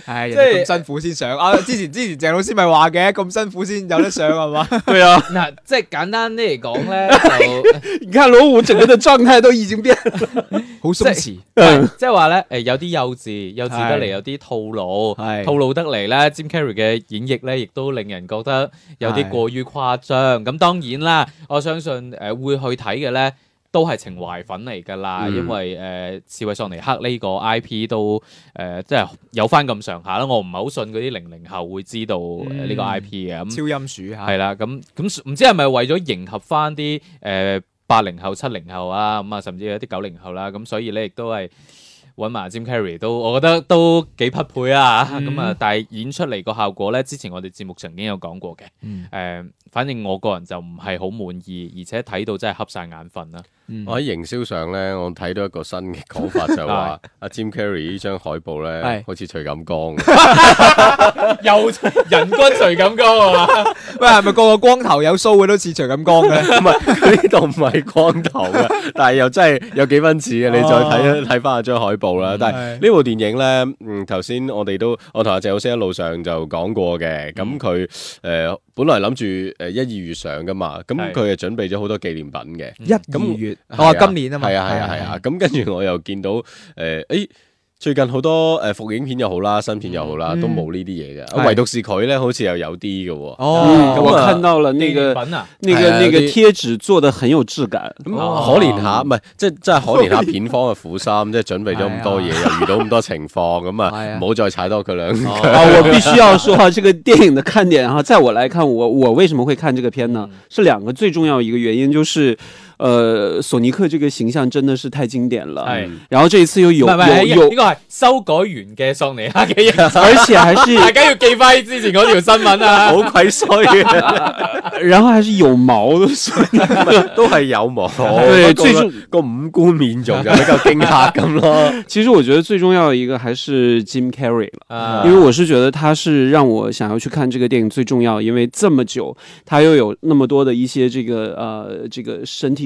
係即係咁辛苦先上啊！之前之前鄭老師咪話嘅咁辛苦先有得上係嘛？係啊！ 嗱，即係簡單啲嚟講咧，就，而家 老五整個狀態都已經變， 好鬆弛，即係話咧，誒 有啲幼稚，幼稚得嚟有啲套路，是套路得嚟咧，Jim Carrey 嘅演繹咧，亦都令人覺得有啲過於誇張。咁是當然啦，我相信誒會去睇嘅咧。都係情懷粉嚟㗎啦，嗯、因為誒《侍衛桑尼克》呢個 IP 都誒，即、呃、係有翻咁上下啦。我唔係好信嗰啲零零後會知道呢個 IP 嘅咁。嗯嗯、超音鼠嚇係啦，咁咁唔知係咪為咗迎合翻啲誒八零後、七零後啊咁啊，甚至有啲九零後啦、啊，咁、嗯嗯、所以咧亦都係揾埋 Jim Carrey，都我覺得都幾匹配啊。咁啊、嗯，但係演出嚟個效果咧，之前我哋節目曾經有講過嘅誒、嗯呃，反正我個人就唔係好滿意，而且睇到真係瞌晒眼瞓啦。嗯、我喺營銷上咧，我睇到一個新嘅講法就話阿 Jim Carrey 呢張海報咧， 好似徐錦江， 又人均徐錦江啊嘛？ 喂，係咪個個光頭有鬚嘅都似徐錦江嘅？唔係， 呢度唔係光頭嘅， 但係又真係有幾分似啊！ 你再睇睇翻下張海報啦。嗯、但係呢部電影咧，嗯，頭先我哋都我同阿鄭老師一路上就講過嘅，咁佢誒。呃呃本來諗住誒一、二月上㗎嘛，咁佢係準備咗好多紀念品嘅、嗯、那一、二月，我今年啊嘛，係啊係啊係啊，咁跟住我又見到誒 A。呃哎最近好多誒，複影片又好啦，新片又好啦，都冇呢啲嘢嘅，唯獨是佢呢，好似又有啲嘅。哦，我看到了呢個呢個呢個貼紙做得很有質感。可憐下，唔係即係即係可憐下片方嘅苦心，即係準備咗咁多嘢，又遇到咁多情況，咁啊唔好再踩多佢兩句。啊，我必須要說啊，這個電影嘅看點啊，在我來看，我我為什麼會看這個片呢？是兩個最重要一個原因，就是。呃，索尼克這個形象真的是太經典了。係是，然後這一次又有、嗯、有有呢個係修改完嘅索尼克嘅形象，而且還是大家 要記翻之前條新聞啊，好鬼衰。 然後還是有毛都算，都係有毛。 對，最終個，個五官面容比較驚嚇咁咯。 其實我覺得最重要的一個還是 Jim Carrey，啊、因為我是覺得他是讓我想要去看這個電影最重要，因為這麼久，他又有那麼多的一些這個，呃這個身體。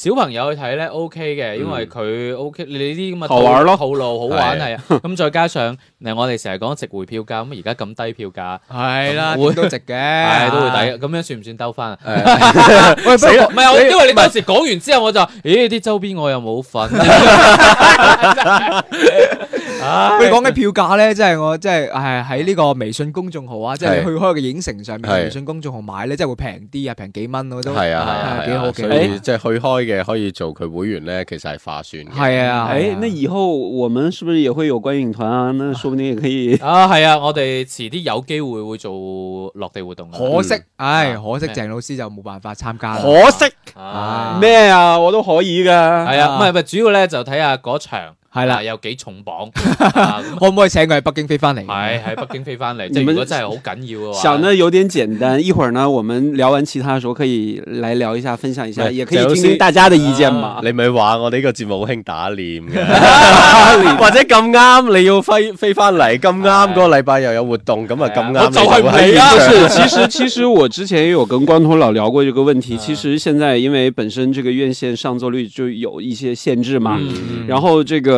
小朋友去睇咧 OK 嘅，因為佢 OK，你啲咁嘅套套路好玩係啊。咁再加上誒，我哋成日講值回票價，咁而家咁低票價，係啦，會都值嘅，都會抵。咁樣算唔算兜翻啊？唔係，因為你當時講完之後，我就咦啲周邊我又冇份。你講嘅票價咧，即係我即係喺呢個微信公眾號啊，即係去開嘅影城上面微信公眾號買咧，即係會平啲啊，平幾蚊我都係啊係啊，幾好嘅。所以即係去開嘅可以做佢會員咧，其實係划算嘅。係啊，誒，那以後我們是不是也會有觀影團啊？那說不定可以啊，係啊，我哋遲啲有機會會做落地活動。可惜，唉，可惜鄭老師就冇辦法參加。可惜咩啊？我都可以噶。係啊，唔係唔係，主要咧就睇下嗰場。係啦，又幾重磅。可唔可以請佢喺北京飛翻嚟？係喺北京飛翻嚟，即係如果真係好緊要嘅話。想呢，有點簡單。一會兒呢，我們聊完其他嘅時候，可以來聊一下，分享一下，也可以聽聽大家嘅意見嘛。你咪話我呢個節目好興打臉嘅，或者咁啱你要飛飛翻嚟，咁啱嗰個禮拜又有活動，咁啊咁啱。就去唔係。其實其實我之前也有跟光頭佬聊過這個問題。其實現在因為本身這個院線上座率就有一些限制嘛，然後這個。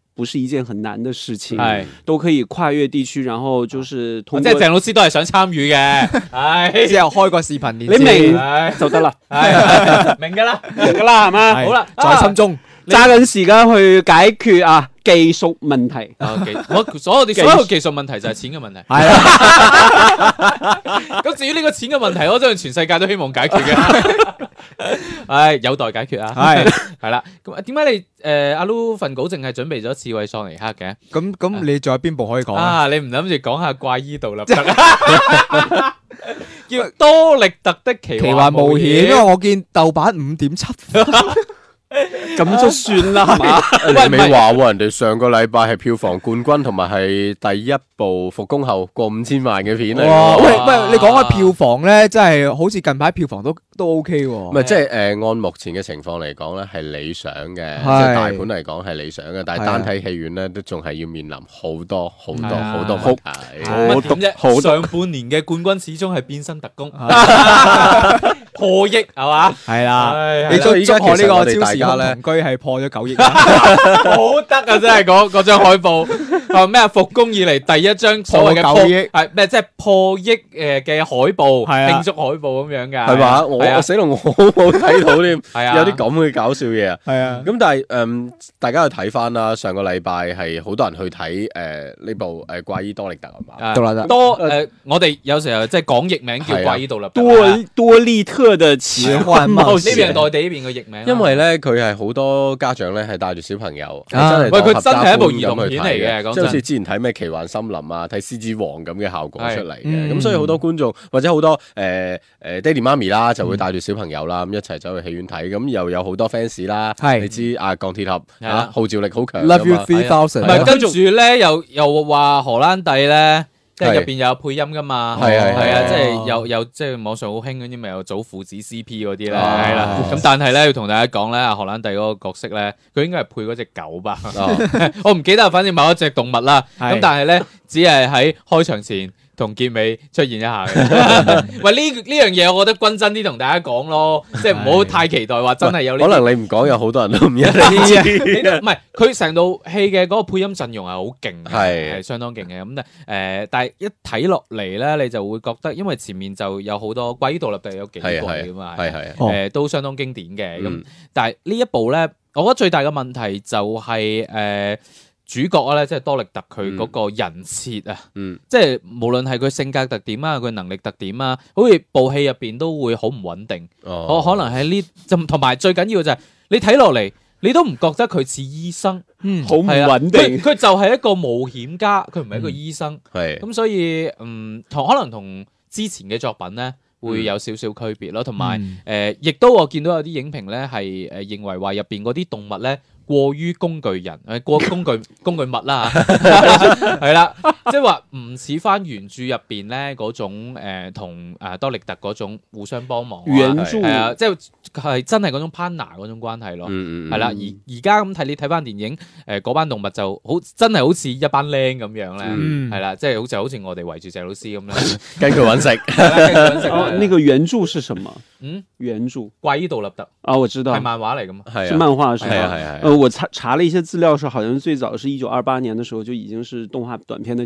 不是一件很難的事情，都可以跨越地區，然後就是，即係鄭老師都係想參與嘅，之後開個視頻，你明就得啦，明噶啦，明噶啦係嘛，好啦，在心中。揸緊時間去解決啊，技術問題。我所有啲所有技術問題就係錢嘅問題。係啊。咁至於呢個錢嘅問題，我真係全世界都希望解決嘅。唉，有待解決啊。係係啦。咁點解你誒阿盧份稿淨係準備咗刺猬索尼克嘅？咁咁你仲有邊部可以講啊？你唔諗住講下怪醫杜立德，叫多力特的奇奇幻冒險，因為我見豆瓣五點七分。咁就算啦。 喂 你未話喎，人哋上個禮拜係票房冠軍，同埋係第一部復工後過五千萬嘅片咧哇哇。喂，喂你講開票房咧，真係好似近排票房都，都 OK 喎，唔係即係誒，按目前嘅情況嚟講咧，係理想嘅，即係大盤嚟講係理想嘅，但係單體戲院咧，都仲係要面臨好多好多好多問題。點啫？上半年嘅冠軍始終係變身特工破億係嘛？係啦，你再祝我呢個超時空同居係破咗九億，好得啊！真係嗰嗰張海報。咩啊！復工以嚟第一張所謂嘅破九億，係咩？即係破億誒嘅海報，慶祝海報咁樣㗎，係咪啊？我死咯！我冇睇到添，有啲咁嘅搞笑嘢啊！係啊，咁但係誒，大家去睇翻啦。上個禮拜係好多人去睇誒呢部誒怪醫多力特啊嘛。多力誒，我哋有時候即係講譯名叫《怪醫多力多多利特的奇幻冒險》。內地邊嘅譯名？因為咧，佢係好多家長咧係帶住小朋友，喂，佢真係一部兒童片嚟嘅。好似之前睇咩奇幻森林啊，睇獅子王咁嘅效果出嚟嘅，咁、嗯、所以好多觀眾或者好多誒誒、呃、爹地媽咪啦，就會帶住小朋友啦，咁、嗯、一齊走去戲院睇，咁又有好多 fans 啦。係是你知啊，鋼鐵俠啊、啊啊、號召力好強 Love you three thousand，跟住咧又又話荷蘭弟咧。即係入邊有配音噶嘛，係啊，係啊，即係有有即係網上好興嗰啲咪有祖父子 CP 嗰啲咧，係啦。咁但係咧要同大家講咧，阿荷蘭弟嗰個角色咧，佢應該係配嗰隻狗吧？是的 我唔記得，反正某一隻動物啦。咁是的 但係咧，只係喺開場前。同結尾出現一下 喂，呢呢樣嘢，我覺得均真啲同大家講咯，即係唔好太期待話真係有。可能你唔講，有好多人都唔知啊。唔係，佢成套戲嘅嗰個配音陣容係好勁，係係是相當勁嘅。咁、嗯、誒，但係一睇落嚟咧，你就會覺得，因為前面就有好多《鬼島立地》有幾季啊嘛，係係誒都相當經典嘅。咁但係呢一部咧，我覺得最大嘅問題就係、是、誒。呃主角咧，即係多力特佢嗰個人設啊，嗯、即係無論係佢性格特點啊，佢能力特點啊，好似部戲入邊都會好唔穩定。哦，可能喺呢，就同埋最緊要就係你睇落嚟，你都唔覺得佢似醫生，嗯，好唔、啊、穩定。佢就係一個冒險家，佢唔係一個醫生。係咁、嗯，所以嗯，同可能同之前嘅作品咧，會有少少區別咯。同埋誒，亦、嗯嗯呃、都我見到有啲影評咧，係誒認為話入邊嗰啲動物咧。過於工具人，誒過於工具工具物啦，係啦。即係話唔似翻原著入邊咧，嗰種同誒多力特嗰種互相幫忙，原著啊，即係係真係嗰種 partner 嗰種關係咯，係啦。而而家咁睇你睇翻電影，誒嗰班動物就好真係好似一班僆咁樣咧，係啦，即係好似好似我哋圍住鄭老師咁樣咧，跟佢揾食。呢個原著係什麼？嗯，原著關於多力特啊，我知道係漫畫嚟噶嘛，係漫畫是嘛？誒，我查查了一些資料，是好像最早係一九二八年嘅時候，就已經是動畫短片的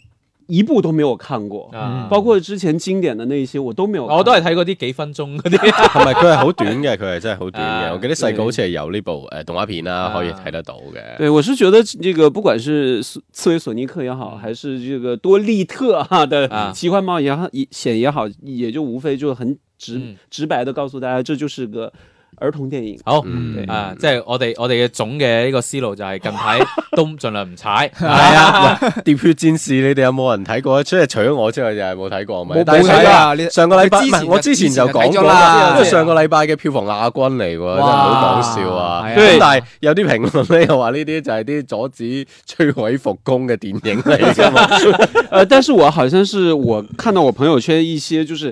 一部都沒有看過，啊、包括之前經典的那些我都沒有看過。我都是睇過啲幾分鐘同埋佢係好短嘅，佢係真係好短嘅。啊、我記得細個好似係有呢部誒動畫片啦、啊，啊、可以睇得到嘅。對我是覺得這個不管是刺猬索尼克也好，還是這個多利特哈的奇幻冒險也好，也也好，也就無非就很直、嗯、直白的告訴大家，這就是個。兒童電影好啊，即係我哋我哋嘅總嘅呢個思路就係近排都盡量唔踩，係啊。喋血戰士你哋有冇人睇過？即係除咗我之外就係冇睇過，冇睇啊！上個禮拜之前，我之前就講啦，因為上個禮拜嘅票房亞軍嚟，真係好講笑啊！但係有啲評論咧，又話呢啲就係啲阻止摧毀復工嘅電影嚟㗎嘛。誒，但是我好像是我看到我朋友圈一些就是。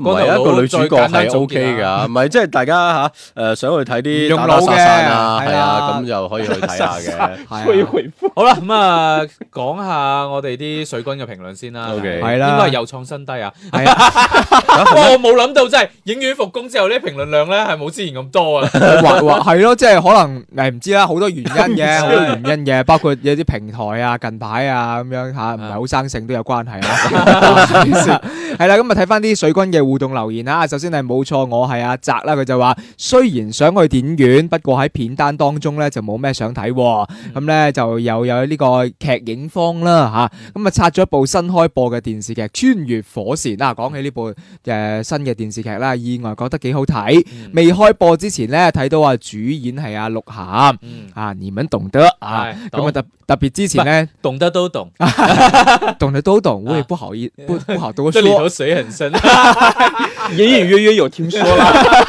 唔係一個女主角係 OK 㗎，唔係即係大家嚇誒想去睇啲打打殺殺啊，係啊，咁就可以去睇下嘅。可以回覆。好啦，咁啊講下我哋啲水軍嘅評論先啦，係啦，應該係又創新低啊？我冇諗到，即係影院復工之後，啲評論量咧係冇之前咁多啊。或或係咯，即係可能誒唔知啦，好多原因嘅，好多原因嘅，包括有啲平台啊、近排啊咁樣嚇，唔係好生性都有關係啦。係啦，咁啊睇翻啲水軍嘅互動留言啦、啊。首先係冇錯，我係阿澤啦，佢就話雖然想去電影院，不過喺片單當中咧就冇咩想睇。咁咧就又有呢個劇影方啦，吓咁啊拆咗一部新開播嘅電視劇《穿越火線》啊。講起呢部誒新嘅電視劇啦、啊，意外覺得幾好睇。未開播之前咧睇到啊，主演係阿鹿晗，s uri or 啊你們懂得啊，咁啊特特別之前咧懂得都懂，懂得都懂，我也、e、不好意不不好水很深， 隱隱約約有聽說啦。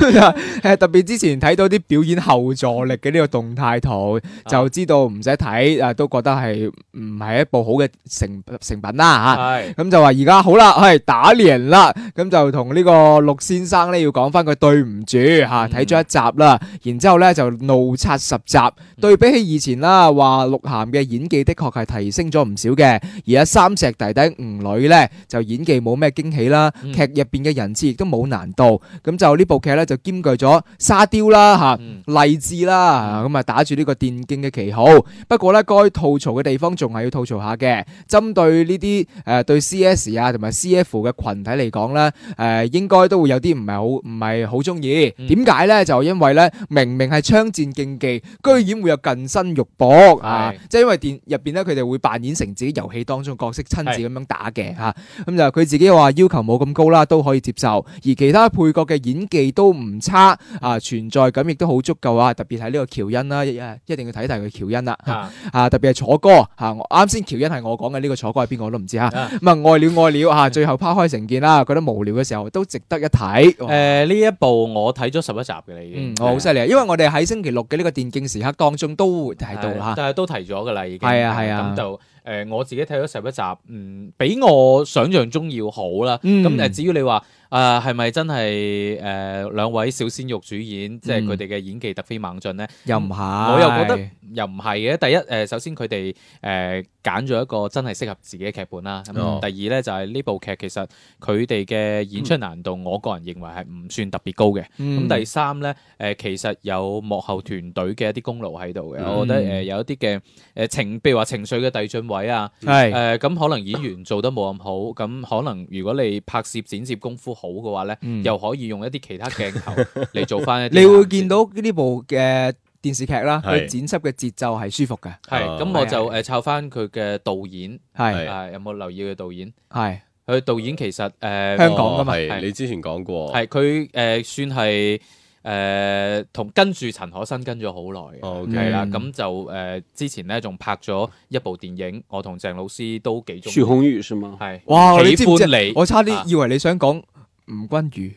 誒，特別之前睇到啲表演後助力嘅呢個動態圖，就知道唔使睇誒，都覺得係唔係一部好嘅成成品啦吓。係咁就話而家好啦，係打臉啦，咁就同呢個鹿先生咧要講翻佢對唔住吓，睇咗一集啦，然之後咧就怒刷十集。對比起以前啦，話鹿晗嘅演技的確係提升咗唔少嘅，而家三石弟弟吳磊咧就演技冇咩驚喜啦，劇入邊嘅人設亦都冇難度，咁就呢部劇咧。就兼具咗沙雕啦吓，勵志啦咁啊，打住呢個電競嘅旗號。不過咧，該吐槽嘅地方仲係要吐槽下嘅。針對呢啲誒對 CS 啊同埋 CF 嘅群體嚟講咧，誒應該都會有啲唔係好唔係好中意。點解咧？就因為咧，明明係槍戰競技，居然會有近身肉搏，啊，即係因為電入邊咧，佢哋會扮演成自己遊戲當中角色親自咁樣打嘅吓。咁就佢自己話要求冇咁高啦，都可以接受。而其他配角嘅演技都。唔差啊！存在感亦都好足夠啊！特別係呢個喬恩啦，一定要睇睇佢喬恩啦啊！啊，啊、特別係楚哥，啊！我啱先喬恩係我講嘅呢個楚哥係邊個我都唔知吓。唔係愛了愛了啊！ 最後拋開成見啦，覺得無聊嘅時候都值得一睇。誒，呢一部我睇咗十一集嘅，已經我好犀利啊！啊、因為我哋喺星期六嘅呢個電競時刻當中都提到啦、啊，啊、但係都提咗噶啦，已經係啊係啊。咁就誒、呃，我自己睇咗十一集，嗯，比我想象中要好啦。咁誒，至於你話。啊，係咪、uh, 真係誒、呃、兩位小鮮肉主演，嗯、即係佢哋嘅演技突飛猛進呢？又唔係，我又覺得又唔係嘅。第一、呃、首先佢哋誒。揀咗一個真係適合自己嘅劇本啦。第二呢，就係呢部劇其實佢哋嘅演出難度，我個人認為係唔算特別高嘅。咁、嗯、第三呢，誒其實有幕後團隊嘅一啲功勞喺度嘅。嗯、我覺得誒有一啲嘅誒情，譬如話情緒嘅遞進位啊，誒咁、呃、可能演員做得冇咁好，咁可能如果你拍攝剪接功夫好嘅話呢，嗯、又可以用一啲其他鏡頭嚟做翻一啲。 你會見到呢部嘅。電視劇啦，佢剪輯嘅節奏係舒服嘅。係，咁我就誒，抄返佢嘅導演係，有冇留意佢導演？係，佢導演其實誒，香港噶嘛？係你之前講過。係，佢誒，算係誒，同跟住陳可辛跟咗好耐。哦，OK 啦，咁就誒，之前咧仲拍咗一部電影，我同鄭老師都幾中。徐紅玉是嘛？係，哇！你知唔知你？我差啲以為你想講吳君如。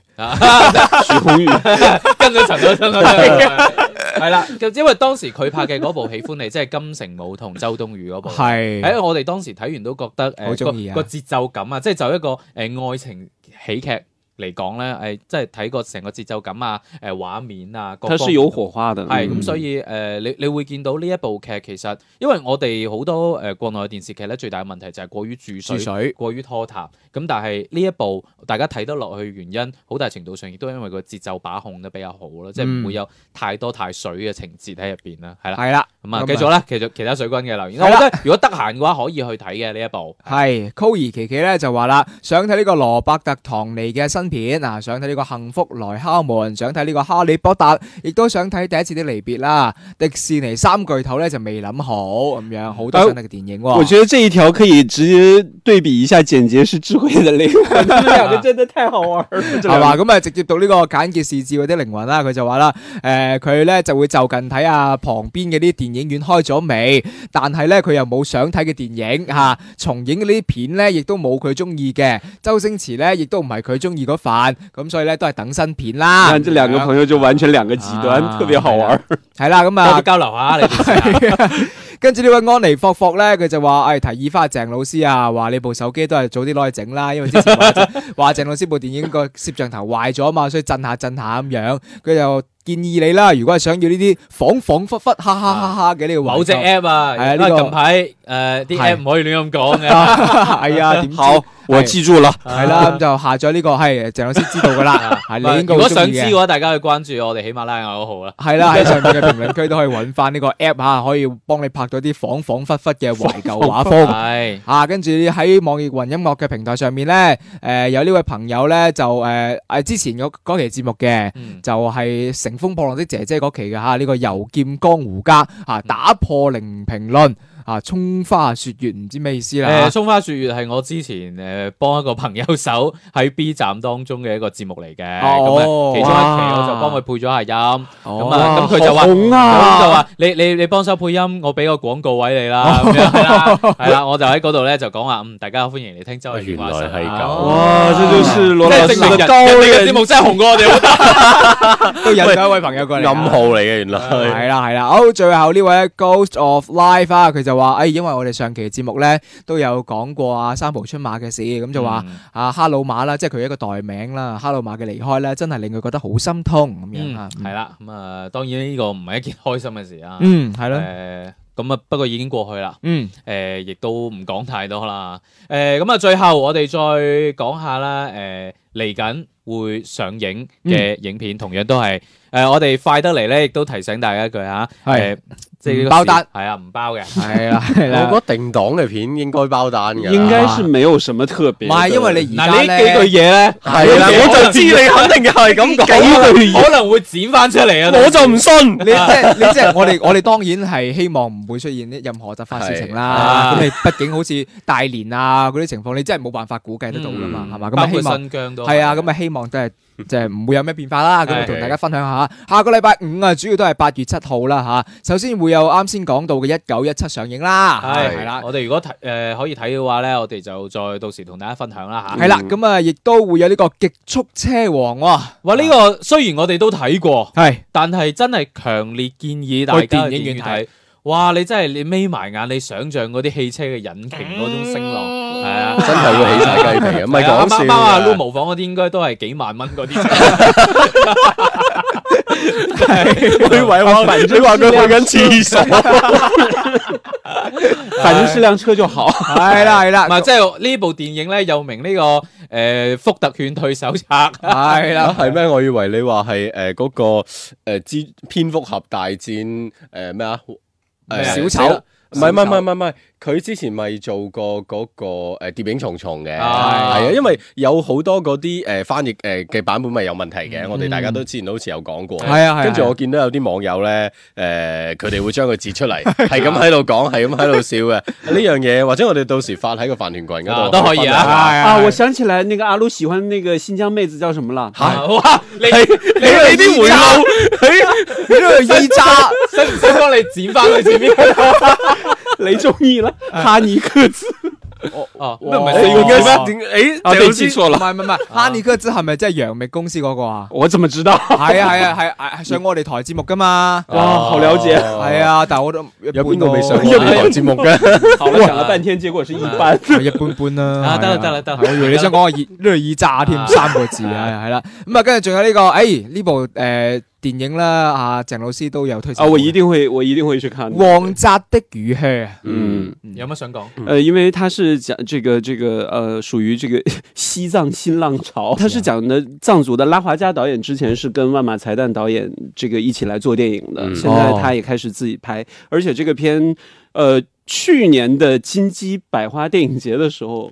徐紅玉跟咗陳可辛係啦，就 因為當時佢拍嘅嗰部《喜歡你》，即係金城武同周冬雨嗰部。係，喺我哋當時睇完都覺得，好中意啊個節奏感啊，即係就一個誒、呃、愛情喜劇嚟講咧，誒、呃，即係睇過成個節奏感啊，誒、呃，畫面啊，個面它是有火花的。係咁對，嗯、所以誒、呃，你你會見到呢一部劇，其實因為我哋好多誒國內嘅電視劇咧，最大嘅問題就係過於注水，注水過於拖沓。咁但係呢一部大家睇得落去原因，好大程度上亦都因為個節奏把控得比較好咯，即係唔會有太多太水嘅情節喺入邊啦。係啦，係啦，咁啊，繼續啦，其實、嗯、其他水軍嘅留言，了如果得閒嘅話可以去睇嘅呢一部。係，Koi 是琪琪咧就話啦，想睇呢個羅伯特唐尼嘅新片，嗱，想睇呢個幸福來敲門，想睇呢個哈利波特，亦都想睇第一次的離別啦。迪士尼三巨頭咧就未諗好咁樣，好多想睇嘅電影啊。我覺得這一條可以直接對比一下簡，簡潔是其實你真係太好玩，係嘛？咁啊，直接讀呢個簡潔視字嗰啲靈魂啦。佢就話啦，誒，佢咧就會就近睇下旁邊嘅啲電影院開咗未？但係咧，佢又冇想睇嘅電影吓，重影嘅呢啲片咧，亦都冇佢中意嘅。周星馳咧，亦都唔係佢中意嗰範，咁所以咧都係等新片啦。但係這兩個朋友就完全兩個極端，特別、啊啊、好玩。係啦，咁啊，交流下嚟。跟住呢位安妮霍霍咧，佢就話，誒、哎，提議翻阿鄭老師啊，話你部手機都係早啲攞去整啦，因為之前話鄭 老師部電影個攝像頭壞咗啊嘛，所以震下震下咁樣，佢就。建議你啦，如果係想要呢啲恍恍惚惚、哈哈哈哈嘅呢個某隻 app 啊，因為近排誒啲 app 唔可以亂咁講嘅，係 啊，點、哎、好、 啊、我知住了，係啦、 啊，咁就下載呢、這個係、哎、鄭老師知道嘅啦，係、 啊、你如果想知嘅話，大家去關注我哋喜馬拉雅號啦，係 啦、啊，喺上面嘅評論區都可以揾翻呢個 app 嚇，可以幫你拍到啲恍恍惚惚嘅懷舊畫風，係嚇、 啊，跟住喺網易雲音樂嘅平台上面咧，誒、呃、有呢位朋友咧就誒誒、呃、之前嗰期節目嘅，就係、是、成風破浪的姐姐嗰期嘅哈，呢個遊劍江湖家啊，打破零評論。啊！蔥花雪月唔知咩意思啦？誒，蔥花雪月係我之前誒幫一個朋友手喺 B 站當中嘅一個節目嚟嘅，哦，其中一期我就幫佢配咗下音，咁啊，咁佢就話，咁就話，你你你幫手配音，我俾個廣告位你啦，咁樣係啦，係啦，我就喺嗰度咧就講話，嗯，大家歡迎你聽周潤華成啊，哇，呢啲證明人，你嘅節目真係紅過我哋，都引咗一位朋友過嚟，暗號嚟嘅原來，係啦係啦，好，最後呢位 Ghost of Life 啊，佢就。話誒，因為我哋上期節目咧都有講過啊，三浦春馬嘅事，咁就話啊，哈魯馬啦，即係佢一個代名啦，哈魯馬嘅離開咧，真係令佢覺得好心痛咁樣吓，係啦、嗯，咁啊、嗯，當然呢個唔係一件開心嘅事啊，嗯，係咯，誒，咁啊，不過已經過去啦，嗯，誒、呃，亦都唔講太多啦，誒，咁啊，最後我哋再講、呃、下啦，誒，嚟緊會上映嘅影片，嗯、同樣都係，誒、呃，我哋快得嚟咧，亦都提醒大家一句吓，係、呃。即係包單，係啊，唔包嘅，係啦，係啦。我覺得定檔嘅片應該包單嘅，應該是沒有什麼特別。唔係，因為你而家呢幾句嘢咧，係啦，我就知你肯定又係咁講。呢幾句可能會剪翻出嚟啊！我就唔信。你即係你即係，我哋我哋當然係希望唔會出現啲任何突發事情啦。咁你畢竟好似大連啊嗰啲情況，你真係冇辦法估計得到噶嘛，係嘛？咁希望新疆都係啊，咁啊希望就。即係唔會有咩變化啦，咁啊同大家分享下，下個禮拜五啊，主要都係八月七號啦吓。首先會有啱先講到嘅一九一七上映啦，係啦。我哋如果睇誒可以睇嘅話咧，我哋就再到時同大家分享啦吓。係啦，咁啊亦都會有呢個極速車王。哇，呢個雖然我哋都睇過，係，但係真係強烈建議大家去電影院睇。哇，你真係你眯埋眼，你想象嗰啲汽車嘅引擎嗰種聲浪。係啊，真係會起晒雞皮啊！唔係講笑，貓啊，擼模仿嗰啲應該都係幾萬蚊嗰啲。係，我以為我你話佢去緊廁所，反正是輛車就好。係啦係啦，係即係呢部電影咧，又名呢個誒《福特勸退手冊》。係啦，係咩？我以為你話係誒嗰個誒之蝙蝠俠大戰誒咩啊？誒小丑，唔係唔係唔係唔係。佢之前咪做過嗰個誒諜影重重嘅，係啊，因為有好多嗰啲誒翻譯誒嘅版本咪有問題嘅，我哋大家都之前好似有講過，係啊。跟住我見到有啲網友咧，誒，佢哋會將佢截出嚟，係咁喺度講，係咁喺度笑嘅呢樣嘢，或者我哋到時發喺個飯團群嗰度都可以啊。啊，我想起來，那個阿盧喜歡那個新疆妹子叫什麼啦？哇，你你有啲回鬧，你呢個衣扎，使唔使幫你剪翻佢前面？你中意啦，哈妮克孜。哦哦，唔係四個字咩？誒，我知錯啦，唔係唔係唔係，哈妮克孜係咪即係楊冪公司嗰個啊？我怎麼知道？係啊係啊係，係上我哋台節目噶嘛。哇，好了解。係啊，但係我都有邊個未上過節目嘅。我講了半天，結果是一般，一般般啦。啊，得啦得啦得啦。我以為你想講個熱依扎添，三個字啊，係啦。咁啊，跟住仲有呢個，誒，呢部誒。電影啦，啊，鄭老師都有推薦。啊，我一定會，我一定會去看，這個《旺扎的雨靴》。嗯，有乜想講？誒、呃，因為他是講這個、這個，誒、呃，屬於這個西藏新浪潮。他是講的藏族的拉華加導演，之前是跟萬瑪才旦導演這個一起來做電影的，嗯、現在他也開始自己拍。哦、而且這個片，誒、呃，去年的金雞百花電影節的時候。